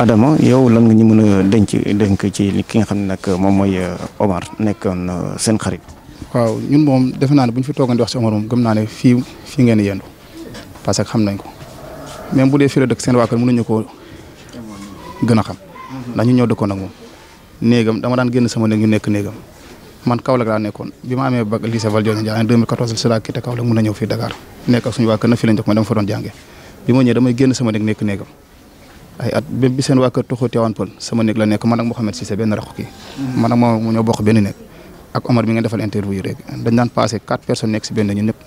Adama yow lan nga ñu mën a denc dénk ci ki nga xam ne nag moom mooy euh, Omar nekkoon euh, seen xarit. waaw ñun moom defe naa bu ñu fi toogoon di wax si Omar moom gëm naa ne ko même bu dee fii la dëkk seen waa kër mënuñu gën a xam. ndax ñu ñëw dëkkoon ak moom. néegam dama daan génn sama néeg ñu nekk néegam man Kaolack laa nekkoon bi ma amee bac lycée Valdiodio Ndiaye en 2014 si laa quitté Kaolack mun na ñëw fii Dakar nekk suñu waa kër na fii lañ jox ma dama fa doon jàngee bi ma ñëwee damay génn sama néeg nekk néegam ay at bi bi seen waa kër tuxu Tivaouane sama nek la nek man ak mohammed cisse ben rakk ki man ak moom ñoo bokk ben nek ak Omar bi nga defal interview yi rek dañ dan passé quatre personnes nek ci ben ñun ñëpp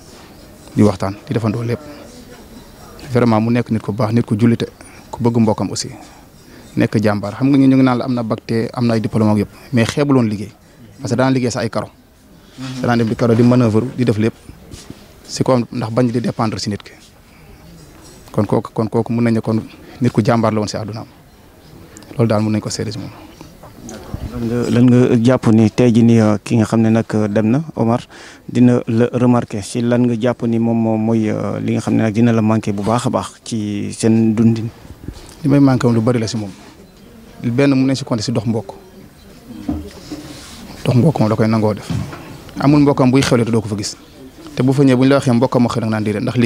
di waxtaan di defando lepp vraiment mu nek nit ku baax nit ku julité ku bëgg mbokam aussi nek jambar xam nga ñu ngi naan la am na bac ay diplôme ak yëpp mais xeebuloon liggéey parce que daan liggéey sa ay karo mhm. danaan dem di karo di manœuvre di def lepp si ko ndax bañ di dépendre ci nit ki kon koku kon koku mën nañ kon nit ku jambar la won ci aduna lool daal mën nañ ko seede si lan nga lan nga ni uh, ki nga xamne nak uh, Omar dina le remarquer ci lan nga japp ni mom moy uh, li nga xamne nak dina la manquer bu baakha a baax ci sen dundin. limay manquer lu bari la si mom ben mu ne ci compter ci dox mbok dox mbok mo da koy nango def amul mbokam buy xewle do ko fa gis te bu fa ñe buñ la waxe mbokam mo xew nak nan di ndax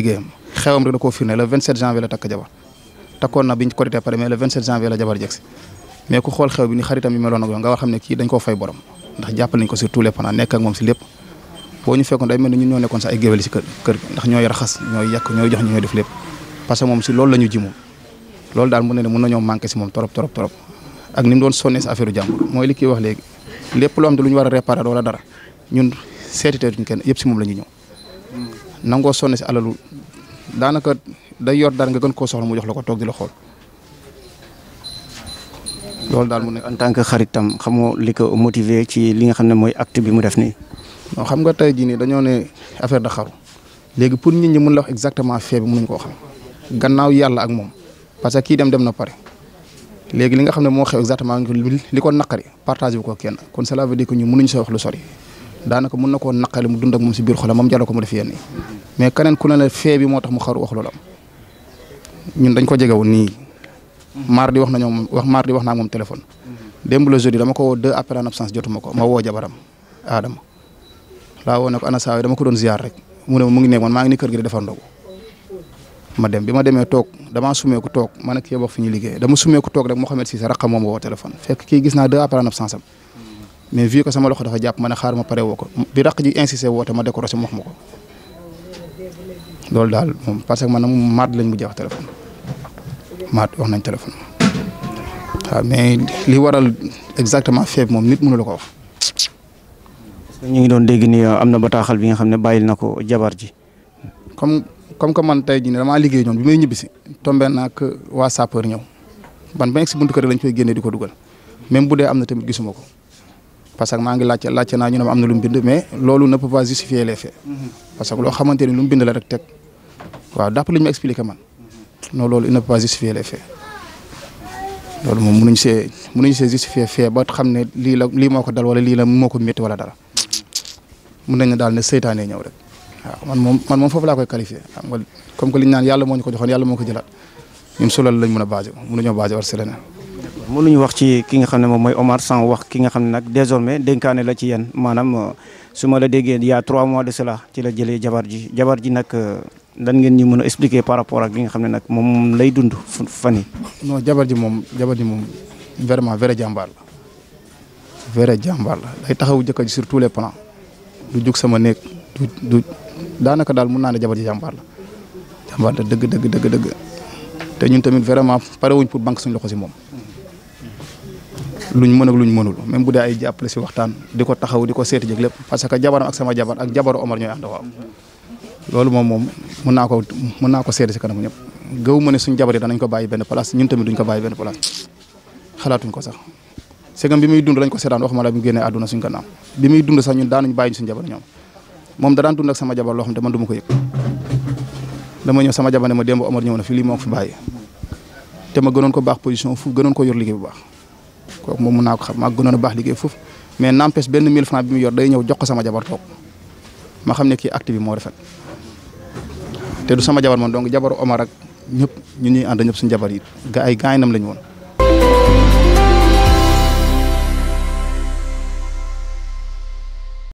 xewam rek ndax ñooy raxas ñooy yàq ñooy jox ñooy def lépp parce que moom si loolu la ñu loolu daal mun na ne mun si moom torop torop ak ni doon sonné si affaire jàmbur mooy li kii wax léegi lépp loo xam ne war a réparer wala dara ñun seetiteetuñ kenn yëpp si moom la ñuy nangoo sonné si alalu daanaka day yor dara nga gën ko soxla mu jox la ko toog la xool. loolu daal mu ne en tant que xaritam xamoo li ko motiver ci li nga xam ne mooy acte bi mu def nii. non xam nga tey jii nii dañoo ne affaire de xaru léegi pour nit ñi mun la wax exactement fee bi mënuñ koo xam gannaaw yàlla ak moom parce que kii dem dem na pare léegi li nga xam ne moo xew exactement li ko naqari partagé wu ko kenn kon cela veut dire que ñu mënuñ soo wax lu sori daanaka mun na koo naqale mu dund ak moom si biir xolam moom jalo ko mu def yenn mais keneen ku ne la fee bi moo tax mu xaru wax loolu am ñun dañ ko jegewoon nii mardi wax na ñoom wax mardi wax naa moom téléphone démb dama ko woo deux appels en absence jotuma ko ma woo jabaram Adama laa woo ne ko ana saa dama ko doon ziar mu ngi nekk maa ni kër gi di defar ndogu ma dem bi ma demee toog damaa sumeeku toog man ak wax fi ñu liggéey dama sumeeku toog rek Mouhamed Cissé rakam moom woo téléphone fekk kii gis naa deux appels en absence am mais vu que sama loxo dafa japp mané xaar ma pare woko bi rak ji insister woote ma décoré si wax lol dal mom parce que man nag maat lañ mujjee jox téléphone mat wax nañ téléphone waaw mais li waral exactement fièvre mom nit mënu la wax. ñi ngi doon dégg ni euh, amna ba taxal bi nga xamné bayil nako na jabar ji. comme comme que man tay ji ni dama liggéey ñoon bi may ñibisi tombé nak wa sapeur ñew ban ba ex si buntu kër lañ fay génnee di duggal même bu dee am tamit gisumako parce que maa ngi laajte laajte naa ñu ne am na lu mu mais loolu na peut pas justifier les mm-hmm. parce que loo xamante ni lu mu la rek teg waaw d'après li ñu ma expliqué man mm-hmm. non loolu il ne peut pas justifier les faits loolu moom mënuñ see mënuñ see justifier fee ba xam ne lii la lii moo ko dal wala lii la moo ko métti wala dara mën na ne daal ne seytaane ñëw rek waaw man moom man koy qualifier comme que li ñu naan moo ñu ko joxoon yàlla moo ko jëlaat ñun solal lañ mën a baajo a baajo war si leneen mënuñu wax ci ki nga xamne mooy Omar sans wax ki nga xamne nak désormais dénkaane la ci yeen manam suma la déggé ya 3 mois de cela ci la jëlé jabar ji jabar ji nak dan ngeen ñu mëna expliquer par rapport ak li nga xamne nak mom lay dund fani non jabar ji mom jabar ji mom vraiment vrai jambar la vrai jambar la day taxawu jëk ci sur tous les plans du juk sama nek du du daanaka daal mun naa jabar ji jambar la jambar da dëgg dëgg dëgg dëgg té ñun tamit vraiment paré wuñ pour banque suñu loxo ci mom luñ mën ak luñ mënul même bu dee ay jàppale ci waxtaan diko taxaw diko ko seeti jëg lépp parce que jabaram ak sama jabar ak jabaru Omar ñoy ànd lolu mom mom moom mën naa ko mën naa ko seeti si kanam ñëpp gëw mëne ne suñ jabar yi ko bayyi benn place ñun tamit duñ ko bayyi benn place xalaatuñ ko sax segam bi muy dund lañ ko seetaan waxuma la mu génnee aduna suñ gannaaw bi muy dund sax ñun daanuñ bayyi suñ jabar ñom mom da daan dund ak sama jabar lo xam ne man ko dama ñëw sama jabar ne ma dembu Omar ñëw na fi li mo fi bayyi te ma gënon ko baax position fu gënon ko yor liggéey bu baax kooku moom mën naa ko xam maa gënoon a baax liggéey foofu mais n'empêche benn 1000 francs bi mu yor day ñëw jox ko sama jabar toog ma xam ne kii acte moo rafet te du sama jabar man donc jabaru Omar ak ñëpp ñu ñuy ànd ñëpp suñu jabar yi ga ay gaañinam la ñu woon